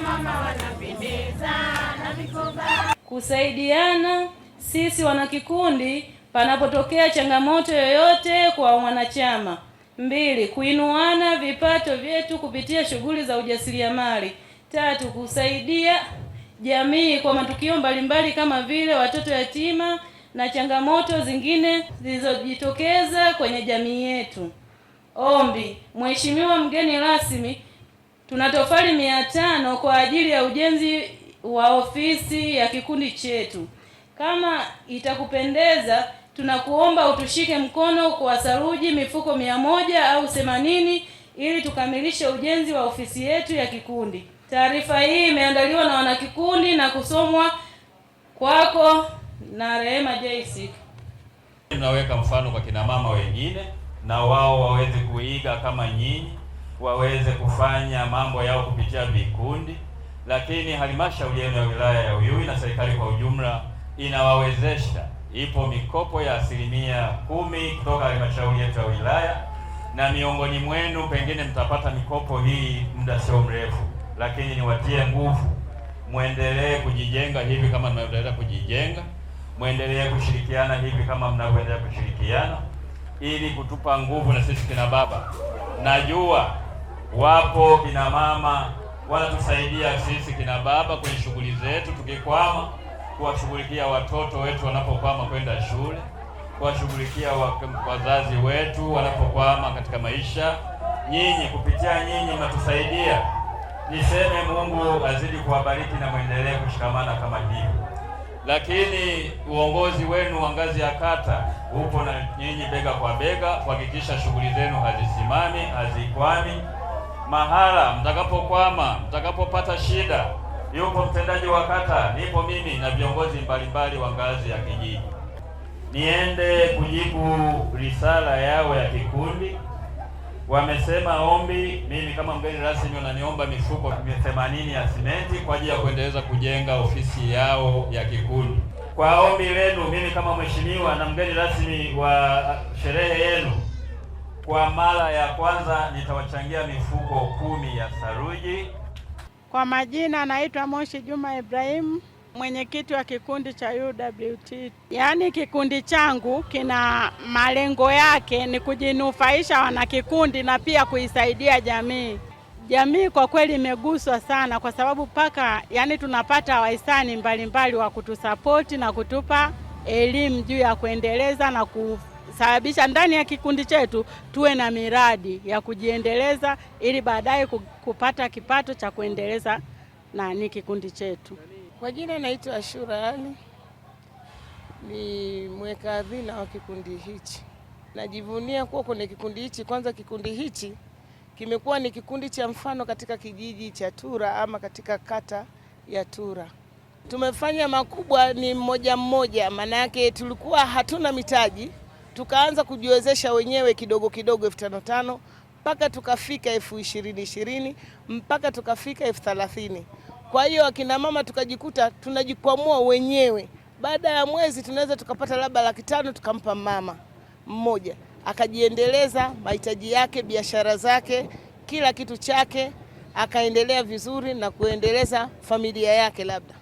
mama wanapendeza na mikoba. Kusaidiana sisi wanakikundi panapotokea changamoto yoyote kwa mwanachama. Mbili, kuinuana vipato vyetu kupitia shughuli za ujasiriamali. Tatu, kusaidia jamii kwa matukio mbalimbali kama vile watoto yatima na changamoto zingine zilizojitokeza kwenye jamii yetu. Ombi, Mheshimiwa mgeni rasmi Tuna tofali mia tano kwa ajili ya ujenzi wa ofisi ya kikundi chetu. Kama itakupendeza, tunakuomba utushike mkono kwa saruji mifuko mia moja au themanini ili tukamilishe ujenzi wa ofisi yetu ya kikundi. Taarifa hii imeandaliwa na wanakikundi na kusomwa kwako na Rehema Jaisi. Tunaweka mfano kwa mama wengine na wao waweze kuiga kama nyinyi waweze kufanya mambo yao kupitia vikundi, lakini halmashauri yenu ya wilaya ya Uyui na serikali kwa ujumla inawawezesha. Ipo mikopo ya asilimia kumi kutoka halmashauri yetu ya wilaya, na miongoni mwenu pengine mtapata mikopo hii muda sio mrefu, lakini niwatie nguvu, mwendelee kujijenga hivi kama mnavyoendelea kujijenga, mwendelee kushirikiana hivi kama mnavyoendelea kushirikiana, ili kutupa nguvu na sisi kina baba najua wapo kina mama wanatusaidia sisi kina baba kwenye shughuli zetu, tukikwama kuwashughulikia watoto wetu wanapokwama kwenda shule, kuwashughulikia wazazi wetu wanapokwama katika maisha. Nyinyi kupitia nyinyi mnatusaidia. Niseme Mungu azidi kuwabariki na mwendelee kushikamana kama hivi, lakini uongozi wenu wa ngazi ya kata upo na nyinyi bega kwa bega kuhakikisha shughuli zenu hazisimami, hazikwami mahala mtakapokwama, mtakapopata shida, yupo mtendaji wa kata, nipo mimi na viongozi mbalimbali wa ngazi ya kijiji. Niende kujibu risala yao ya kikundi. Wamesema ombi, mimi kama mgeni rasmi wananiomba mifuko 80 ya simenti kwa ajili ya kuendeleza kujenga ofisi yao ya kikundi. Kwa ombi lenu, mimi kama mheshimiwa na mgeni rasmi wa sherehe yenu kwa mara ya kwanza nitawachangia mifuko kumi ya saruji. Kwa majina naitwa Moshi Juma Ibrahimu, mwenyekiti wa kikundi cha UWT. Yaani kikundi changu kina malengo yake ni kujinufaisha wanakikundi na pia kuisaidia jamii. Jamii kwa kweli imeguswa sana, kwa sababu mpaka yani tunapata wahisani mbalimbali wa kutusapoti na kutupa elimu juu ya kuendeleza na ku sababisha ndani ya kikundi chetu tuwe na miradi ya kujiendeleza ili baadaye kupata kipato cha kuendeleza nani kikundi chetu. Kwa jina naitwa Ashura Ali, ni mweka hazina wa kikundi hichi. Najivunia kuwa kwenye kikundi hichi. Kwanza kikundi hichi kimekuwa ni kikundi cha mfano katika kijiji cha Tura ama katika kata ya Tura. Tumefanya makubwa ni mmoja mmoja, maana yake tulikuwa hatuna mitaji tukaanza kujiwezesha wenyewe kidogo kidogo elfu tano tano mpaka tukafika elfu ishirini ishirini mpaka tukafika elfu thalathini Kwa hiyo akina mama tukajikuta tunajikwamua wenyewe. Baada ya mwezi tunaweza tukapata labda laki tano tukampa mama mmoja akajiendeleza mahitaji yake, biashara zake, kila kitu chake, akaendelea vizuri na kuendeleza familia yake labda